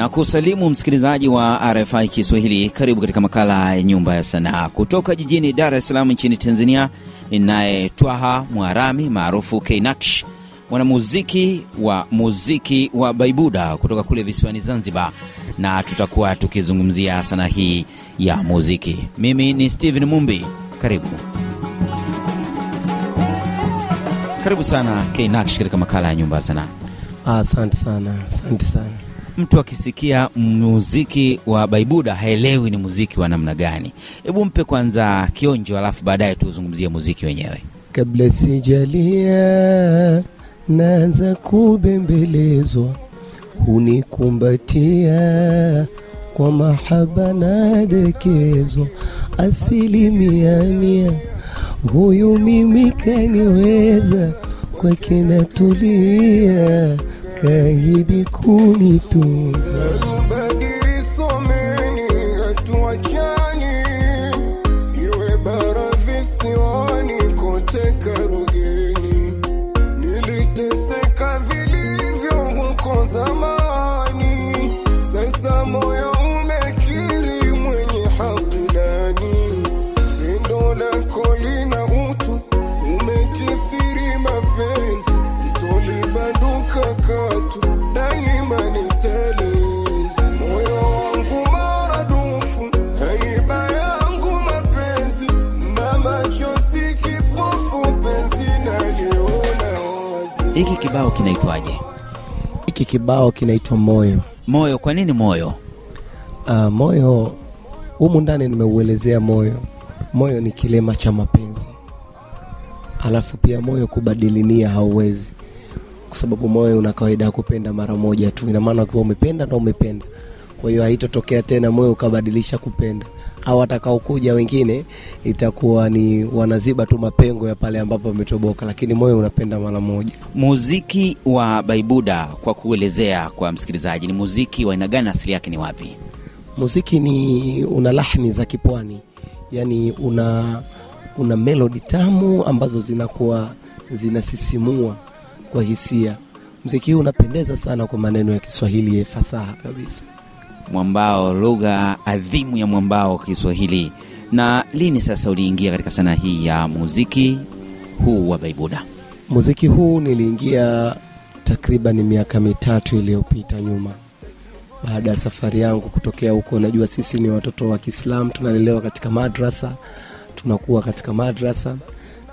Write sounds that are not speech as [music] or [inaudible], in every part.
na kusalimu msikilizaji wa RFI Kiswahili. Karibu katika makala ya Nyumba ya Sanaa kutoka jijini Dar es Salaam nchini Tanzania. Ninaye Twaha Mwarami maarufu Keinaksh, mwanamuziki wa muziki wa Baibuda kutoka kule visiwani Zanzibar, na tutakuwa tukizungumzia sanaa hii ya muziki. Mimi ni Steven Mumbi, karibu karibu sana Keinaksh katika makala ya Nyumba ya Sanaa. Asante sana, asante sana mtu akisikia muziki wa Baibuda haelewi ni muziki wa namna gani? Hebu mpe kwanza kionjo, alafu baadaye tuzungumzie muziki wenyewe. Kabla sijalia naanza kubembelezwa, hunikumbatia kwa mahaba nadekezwa, asilimia mia, huyu mimi kaniweza, kwakinatulia karibi kunitunza kibao kinaitwaje? Hiki kibao kinaitwa Moyo. Moyo, kwa nini moyo? Uh, moyo humu ndani nimeuelezea moyo. Moyo ni kilema cha mapenzi, alafu pia moyo kubadilinia hauwezi, kwa sababu moyo una kawaida ya kupenda mara moja tu. Ina maana ukiwa umependa na umependa, kwa hiyo haitotokea tena moyo ukabadilisha kupenda au watakaokuja wengine, itakuwa ni wanaziba tu mapengo ya pale ambapo wametoboka, lakini moyo unapenda mara moja. Muziki wa Baibuda, kwa kuelezea kwa msikilizaji, ni muziki wa aina gani? Asili yake ni wapi? Muziki ni una lahni za kipwani, yani una una melodi tamu ambazo zinakuwa zinasisimua kwa hisia. Mziki huu unapendeza sana kwa maneno ya Kiswahili ya fasaha kabisa mwambao, lugha adhimu ya mwambao Kiswahili. Na lini sasa uliingia katika sanaa hii ya muziki huu wa Baibuda? Muziki huu niliingia takriban miaka mitatu iliyopita nyuma, baada ya safari yangu kutokea huko. Najua sisi ni watoto wa Kiislamu, tunalelewa katika madrasa, tunakuwa katika madrasa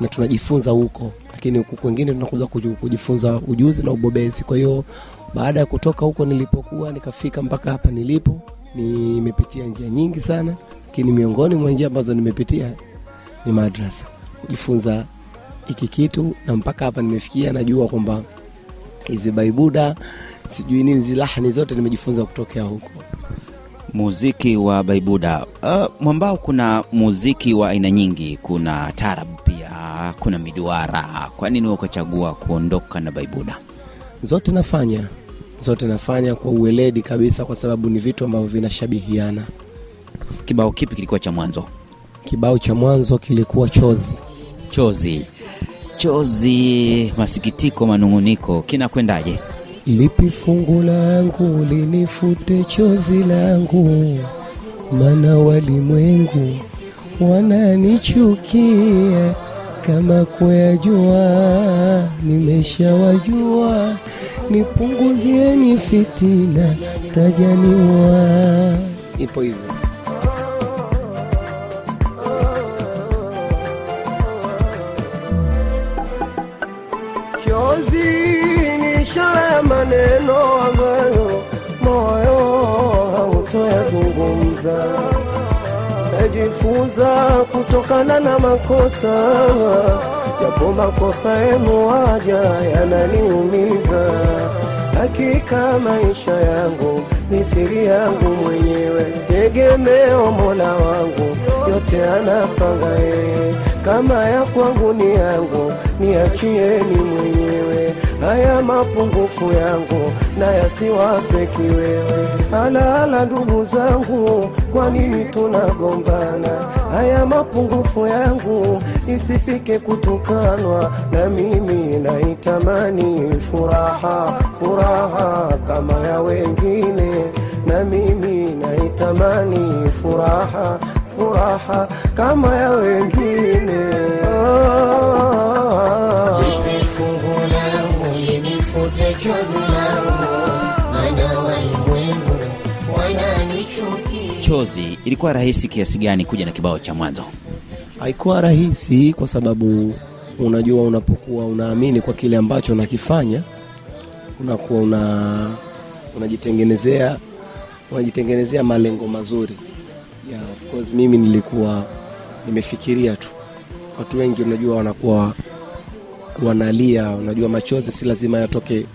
na tunajifunza huko, lakini huku kwengine tunakuja kujifunza ujuzi na ubobezi. Kwa hiyo baada ya kutoka huko nilipokuwa nikafika mpaka hapa nilipo, nimepitia njia nyingi sana, lakini miongoni mwa njia ambazo nimepitia ni madrasa kujifunza hiki kitu, na mpaka hapa nimefikia. Najua kwamba hizi baibuda sijui nini zilahani zote nimejifunza kutokea huko. Muziki wa baibuda uh, mwambao kuna muziki wa aina nyingi, kuna tarab pia kuna miduara. Kwa nini ukachagua kuondoka na baibuda? Zote nafanya zote nafanya kwa uweledi kabisa, kwa sababu ni vitu ambavyo vinashabihiana. Kibao kipi kilikuwa cha mwanzo? Kibao cha mwanzo kilikuwa chozi. Chozi, chozi, masikitiko, manung'uniko, kinakwendaje? Lipi fungu langu linifute chozi langu, maana walimwengu wananichukia kama kuyajua nimeshawajua, nipunguzieni fitina tajaniwa. Ipo hivyo. kujifunza kutokana na makosa, yapo makosa waja yananiumiza. Hakika maisha yangu ni siri yangu mwenyewe, tegemeo Mola wangu, yote anapanga yeye. Kama ya kwangu ni yangu, niachieni mwenyewe haya mapungufu yangu na yasiwafeki wewe. Alaala ndugu zangu, kwa nini tunagombana? Haya mapungufu yangu isifike kutukanwa, na mimi naitamani furaha, furaha kama ya wengine, na mimi naitamani furaha, furaha kama ya wengine oh. chozi Chozi, ilikuwa rahisi kiasi gani kuja na kibao cha mwanzo? Haikuwa rahisi kwa sababu unajua, unapokuwa unaamini kwa kile ambacho unakifanya unakuwa una unajitengenezea unajitengenezea malengo mazuri yeah, of course mimi nilikuwa nimefikiria tu. Watu wengi unajua wanakuwa wanalia, unajua machozi si lazima yatoke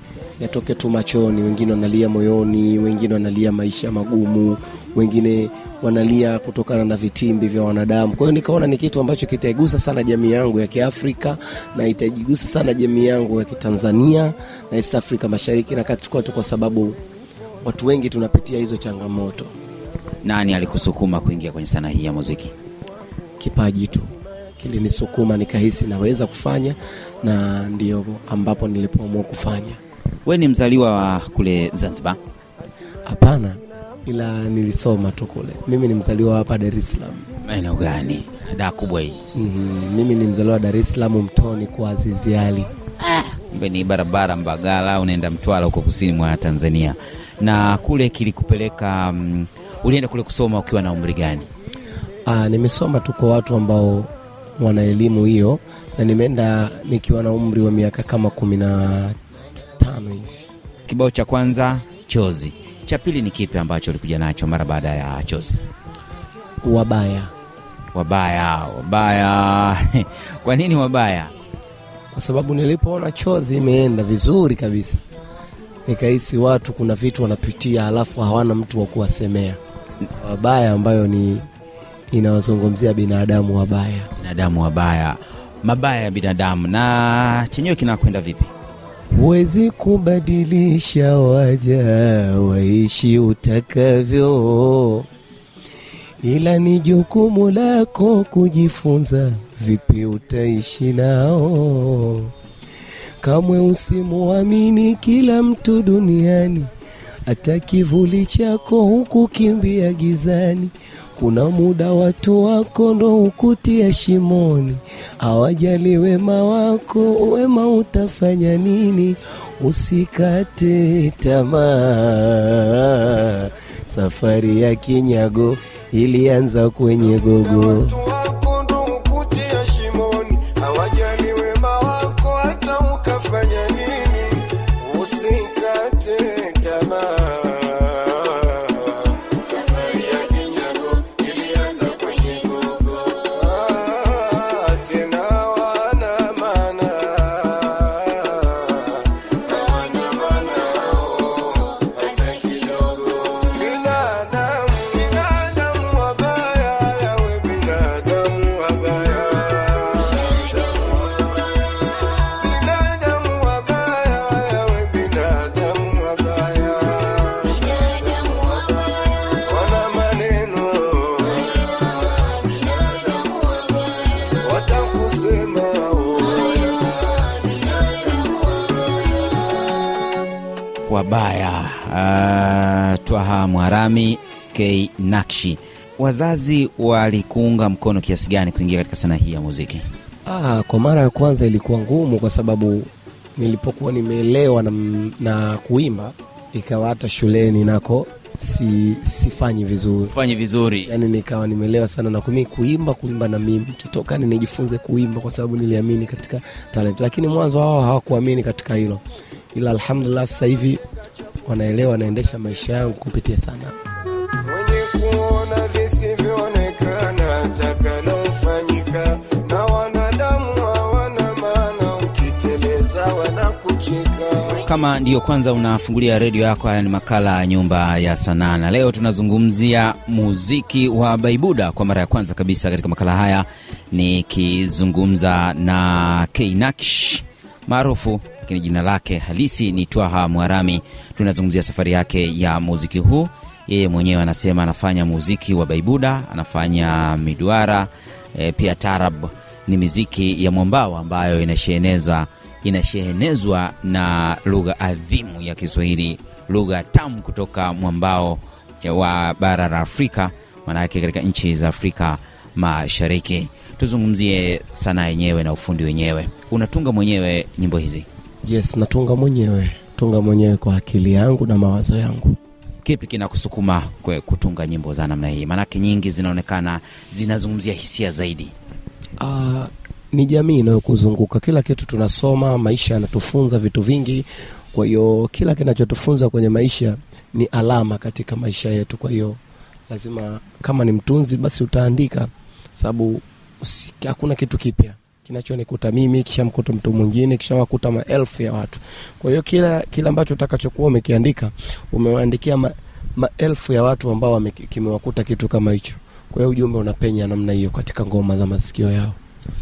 yatoke tu machoni, wengine wanalia moyoni, wengine wanalia maisha magumu, wengine wanalia kutokana na vitimbi vya wanadamu. Kwa hiyo nikaona ni kitu ambacho kitaigusa sana jamii yangu ya Kiafrika na itaigusa sana jamii yangu ya Kitanzania na East Afrika Mashariki na Kati, kwa kwa sababu watu wengi tunapitia hizo changamoto. Nani alikusukuma kuingia kwenye sanaa hii ya muziki? Kipaji tu kilinisukuma nikahisi naweza kufanya, na ndio ambapo nilipoamua kufanya. We ni mzaliwa wa kule Zanzibar? Hapana, ila nilisoma tu kule. Mimi ni mzaliwa hapa Dar es Salaam. Maeneo gani? Da kubwa hii. Mm -hmm. Mimi ni mzaliwa Dar es Salaam, Mtoni kwa Azizi Ali. Ah, ni barabara Mbagala, unaenda Mtwara huko kusini mwa Tanzania. Na kule kilikupeleka um, ulienda kule kusoma ukiwa na umri gani? Ah, nimesoma tu kwa watu ambao wana elimu hiyo na nimeenda nikiwa na umri wa miaka kama kumi na tano hivi. Kibao cha kwanza chozi, cha pili ni kipi ambacho ulikuja nacho mara baada ya chozi? Wabaya. Wabaya, wabaya. [laughs] Kwa nini wabaya? Kwa sababu nilipoona chozi imeenda vizuri kabisa, nikahisi watu kuna vitu wanapitia, halafu hawana mtu wa kuwasemea wabaya, ambayo ni inawazungumzia binadamu wabaya, binadamu wabaya, mabaya ya binadamu. Na chenyewe kinakwenda vipi? Huwezi kubadilisha waja waishi utakavyo, ila ni jukumu lako kujifunza vipi utaishi nao. Kamwe usimuamini kila mtu duniani, hata kivuli chako hukukimbia gizani kuna muda watu wako ndo ukutia shimoni, hawajali wema wako, wema utafanya nini? Usikate tamaa, safari ya kinyago ilianza kwenye gogo. wabaya uh, ah, Twaha Mwarami K Nakshi, wazazi walikuunga mkono kiasi gani kuingia katika sanaa hii ya muziki? Ah, kwa mara ya kwanza ilikuwa ngumu kwa sababu nilipokuwa nimeelewa na, na kuimba ikawa hata shuleni nako si, sifanyi vizurifanyi vizuri, yani nikawa nimeelewa sana na kumi kuimba kuimba na mimi kitokani nijifunze kuimba, kwa sababu niliamini katika talent, lakini mwanzo hao hawakuamini katika hilo ila alhamdulillah sasa hivi wanaelewa, wanaendesha maisha yangu kupitia sana. na Kama ndiyo kwanza unafungulia redio yako, haya ni makala ya Nyumba ya Sanaa, na leo tunazungumzia muziki wa Baibuda kwa mara ya kwanza kabisa katika makala haya, nikizungumza na knaksh maarufu lakini jina lake halisi ni Twaha Mwarami. Tunazungumzia safari yake ya muziki huu. Yeye mwenyewe anasema anafanya muziki wa baibuda, anafanya miduara e, pia tarab. Ni miziki ya mwambao ambayo inasheheneza inashehenezwa na lugha adhimu ya Kiswahili, lugha tamu kutoka mwambao wa bara la Afrika, maanake katika nchi za Afrika Mashariki. Tuzungumzie sanaa yenyewe na ufundi wenyewe. Unatunga mwenyewe nyimbo hizi? Yes, natunga mwenyewe, tunga mwenyewe kwa akili yangu na mawazo yangu. Kipi kinakusukuma kutunga nyimbo za namna hii? Maanake nyingi zinaonekana zinazungumzia hisia zaidi. Uh, ni jamii inayokuzunguka, kila kitu tunasoma, maisha yanatufunza vitu vingi. Kwa hiyo kila kinachotufunza kwenye maisha ni alama katika maisha yetu. Kwa hiyo lazima, kama ni mtunzi, basi utaandika, sababu hakuna kitu kipya kinachonikuta mimi kisha mkuta mtu mwingine kisha wakuta maelfu ya watu. Kwa hiyo kila kila ambacho utakachokuwa umekiandika umewaandikia ma, maelfu ya watu ambao kimewakuta kitu kama hicho. Kwa hiyo ujumbe unapenya namna hiyo katika ngoma za masikio yao.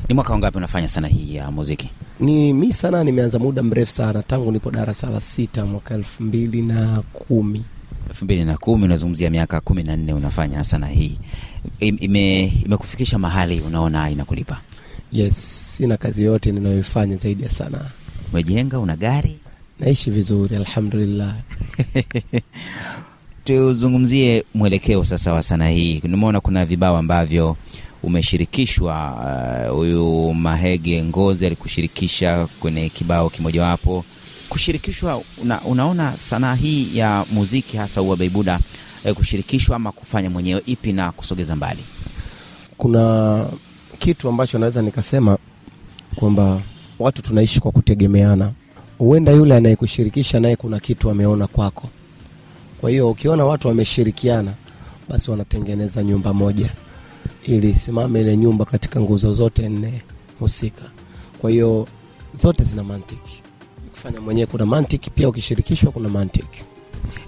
Ni mwaka wangapi unafanya sana hii ya muziki? Ni mi sana, nimeanza muda mrefu sana, tangu nipo darasa la sita mwaka elfu mbili na kumi elfu mbili na kumi Unazungumzia miaka kumi na nne unafanya sana hii, imekufikisha ime mahali unaona inakulipa? Yes, sina kazi yote ninayoifanya zaidi ya sanaa. Umejenga, una gari, naishi vizuri alhamdulillah. [laughs] Tuzungumzie mwelekeo sasa wa sanaa hii. Nimeona kuna vibao ambavyo umeshirikishwa. Uh, huyu uh, Mahege Ngozi alikushirikisha kwenye kibao kimojawapo kushirikishwa. Una, unaona sanaa hii ya muziki hasa wa Baibuda eh, kushirikishwa ama kufanya mwenyewe, ipi na kusogeza mbali? Kuna kitu ambacho naweza nikasema kwamba watu tunaishi kwa kutegemeana. Huenda yule anayekushirikisha naye kuna kitu ameona kwako. Kwa hiyo ukiona watu wameshirikiana, basi wanatengeneza nyumba moja ili simame ile nyumba katika nguzo zote nne husika. Kwa hiyo zote zina mantiki, kufanya mwenyewe kuna mantiki, pia ukishirikishwa kuna mantiki.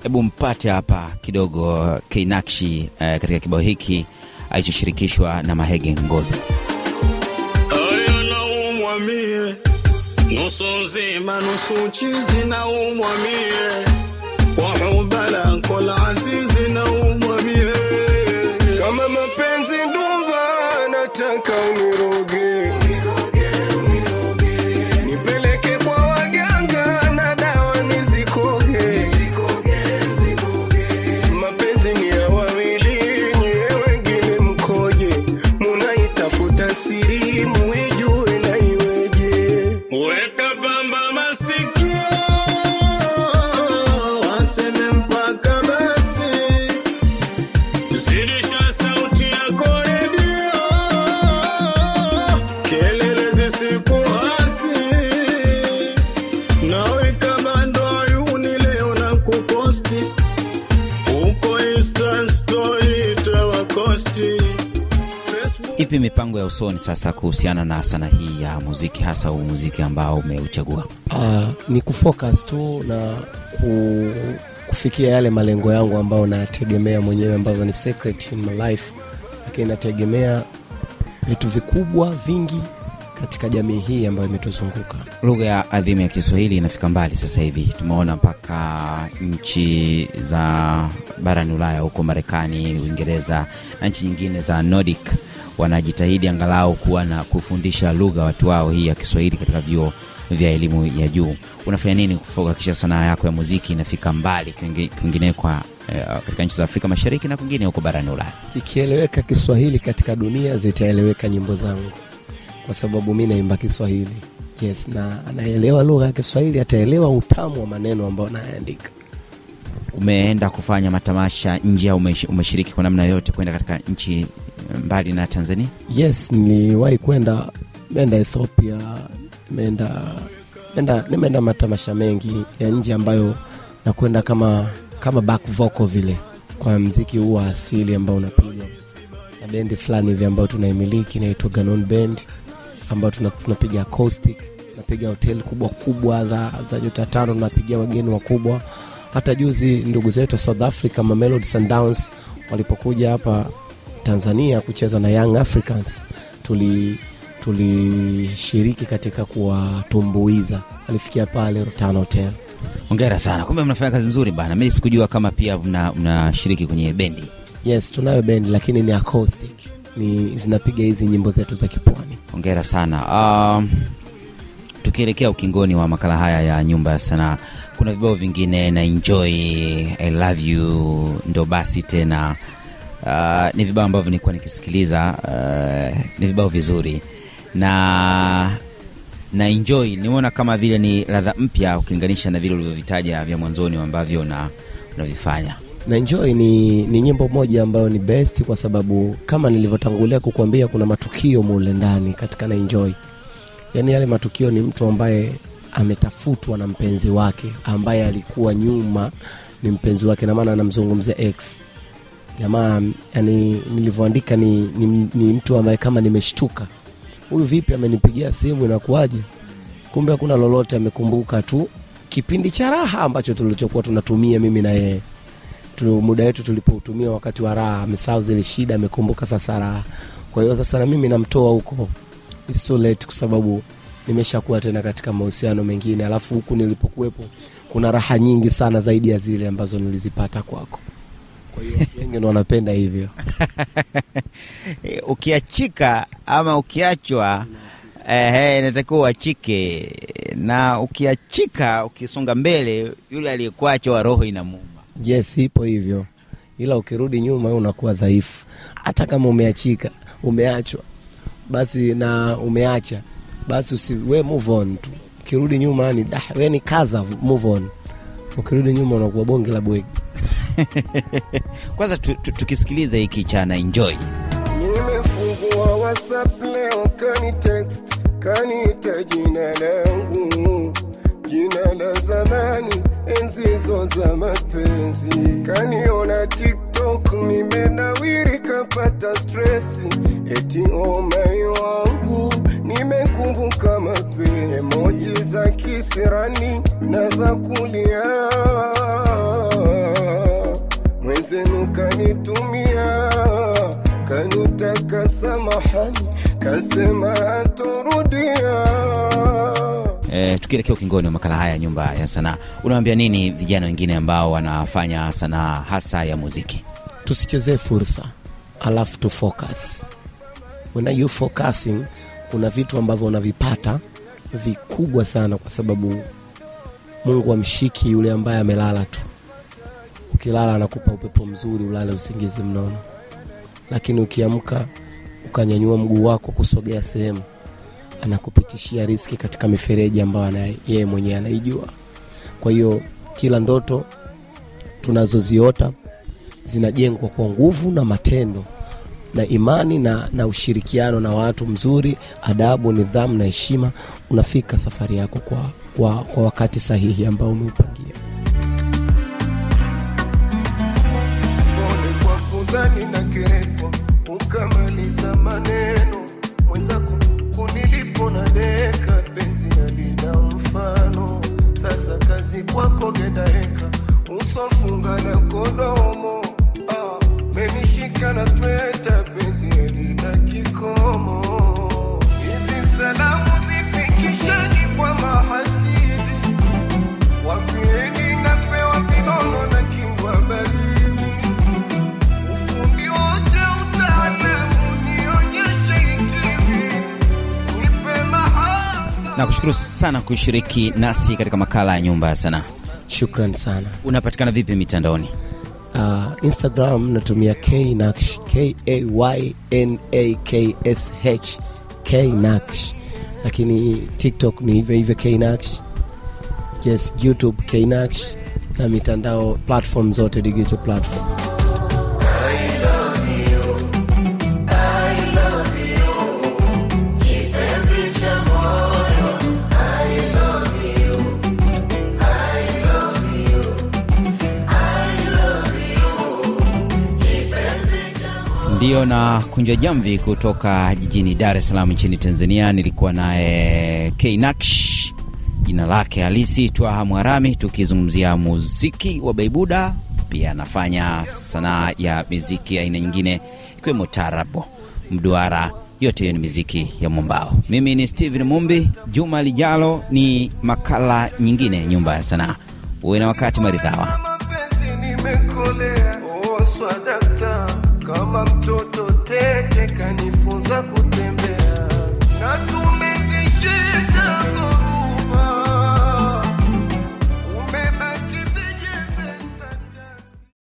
Hebu mpate hapa kidogo Kinakshi eh, katika kibao hiki alichoshirikishwa na Mahege Ngozi. Nusu nzima nusu chizi na umwamie Ipi mipango ya usoni sasa kuhusiana na sana hii ya muziki, hasa huu muziki ambao umeuchagua? Uh, ni kufocus tu na ku, kufikia yale malengo yangu ambayo nategemea mwenyewe ambavyo ni secret in my life, lakini nategemea vitu vikubwa vingi katika jamii hii ambayo imetuzunguka. Lugha ya adhimu ya Kiswahili inafika mbali sasa hivi, tumeona mpaka nchi za barani Ulaya, huko Marekani, Uingereza na nchi nyingine za Nordic wanajitahidi angalau kuwa na kufundisha lugha watu wao hii ya Kiswahili katika vyuo vya elimu ya juu. Unafanya nini kuhakikisha sanaa yako ya muziki inafika mbali kwingineko eh, katika nchi za Afrika Mashariki na kwingine huko barani Ulaya? Kikieleweka Kiswahili katika dunia, zitaeleweka nyimbo zangu kwa sababu mi naimba Kiswahili yes, na anaelewa lugha ya Kiswahili ataelewa utamu wa maneno ambayo nayaandika. Umeenda kufanya matamasha nje au umeshiriki kwa namna yoyote kwenda katika nchi eh, mbali na Tanzania? Yes, niliwahi kwenda, meenda Ethiopia, meenda meenda nimeenda matamasha mengi ya nje ambayo nakwenda kama kama back voko vile kwa mziki huu wa asili ambao unapigwa na bendi fulani hivi ambayo tunaimiliki inaitwa Ganon Band ambayo tunapiga acoustic, napiga hoteli kubwa kubwa za, za nyota tano, napiga wageni wakubwa. Hata juzi ndugu zetu South Africa mamelod Sundowns walipokuja hapa Tanzania kucheza na Young Africans tuli tulishiriki katika kuwatumbuiza. Alifikia pale rotan Hotel. ongera sana, kumbe mnafanya kazi nzuri bana. Mi sikujua kama pia mnashiriki mna kwenye bendi. Yes, tunayo bendi lakini ni acoustic ni zinapiga hizi nyimbo zetu za kipwani. Hongera sana. Um, tukielekea ukingoni wa makala haya ya Nyumba ya Sanaa, kuna vibao vingine na enjoy, I love you, ndo basi tena. Uh, ni vibao ambavyo nilikuwa nikisikiliza. Uh, ni vibao vizuri na na enjoy, nimeona kama vile ni ladha mpya ukilinganisha na vile ulivyovitaja vya mwanzoni ambavyo unavifanya na enjoy ni, ni nyimbo moja ambayo ni best kwa sababu kama nilivyotangulia kukuambia kuna matukio mule ndani katika na enjoy yaani yale matukio ni mtu ambaye ametafutwa na mpenzi wake ambaye alikuwa nyuma ni mpenzi wake na maana anamzungumzia x jamaa yani nilivyoandika ni, ni, ni mtu ambaye kama nimeshtuka huyu vipi amenipigia simu inakuwaje kumbe hakuna lolote amekumbuka tu kipindi cha raha ambacho tulichokuwa tunatumia mimi na yeye muda wetu tulipoutumia wakati wa raha, amesahau zile shida, amekumbuka sasa raha. Kwa hiyo sasa na mimi namtoa huko, it's kwa sababu nimeshakuwa tena katika mahusiano mengine, alafu huku nilipokuwepo kuna raha nyingi sana zaidi ya zile ambazo nilizipata kwako. wengine wanapenda hivyo [laughs] eh, ukiachika ama ukiachwa Eh, uachike, na ukiachika, ukisonga mbele, yule aliyekuachwa wa roho inamuuma. Yes, ipo hivyo, ila ukirudi nyuma unakuwa dhaifu. Hata kama umeachika, umeachwa basi na umeacha basi, usi we move on tu. Ukirudi nyuma ni da, we ni kaza, move on. Ukirudi nyuma unakuwa bonge la bwegi. [laughs] Kwanza tukisikiliza tu, tu hiki chana enjoy. Nimefungua WhatsApp leo, kani text kani langu jina la zamani, enzi hizo za mapenzi. Kaniona TikTok nimenawiri, kapata stresi, eti oh my wangu, nimekumbuka mapenzi. Emoji za kisirani na za kulia, mwenzenu kanitumia, kanitaka samahani, kasema tukielekea ukingoni wa makala haya nyumba ya sanaa unawambia nini vijana wengine ambao wanafanya sanaa hasa ya muziki tusichezee fursa alafu tu focus when you focusing kuna vitu ambavyo unavipata vikubwa sana kwa sababu mungu amshiki yule ambaye amelala tu ukilala anakupa upepo mzuri ulale usingizi mnono lakini ukiamka ukanyanyua mguu wako kusogea sehemu anakupitishia riski katika mifereji ambayo yeye mwenyewe anaijua. Kwa hiyo kila ndoto tunazoziota zinajengwa kwa nguvu na matendo na imani na, na ushirikiano na watu mzuri, adabu, nidhamu na heshima, unafika safari yako kwa, kwa, kwa wakati sahihi ambao umeupangia. nikushukuru sana kushiriki nasi katika makala ya Nyumba ya Sanaa. Shukran sana. Unapatikana vipi mitandaoni? Uh, Instagram natumia knash K knash lakini TikTok ni hivyo hivyo knash Yes, YouTube knash na mitandao platform zote digital platform. ndio na kunjwa jamvi kutoka jijini Dar es Salaam nchini Tanzania. Nilikuwa naye Knaksh, jina lake halisi Twaha Mwarami, tukizungumzia muziki wa Baibuda. Pia anafanya sanaa ya miziki aina nyingine ikiwemo tarabo, mduara. Yote hiyo ni miziki ya mwambao. Mimi ni stehen Mumbi. Juma lijalo ni makala nyingine, nyumba ya sanaa. Uwe na wakati maridhawa.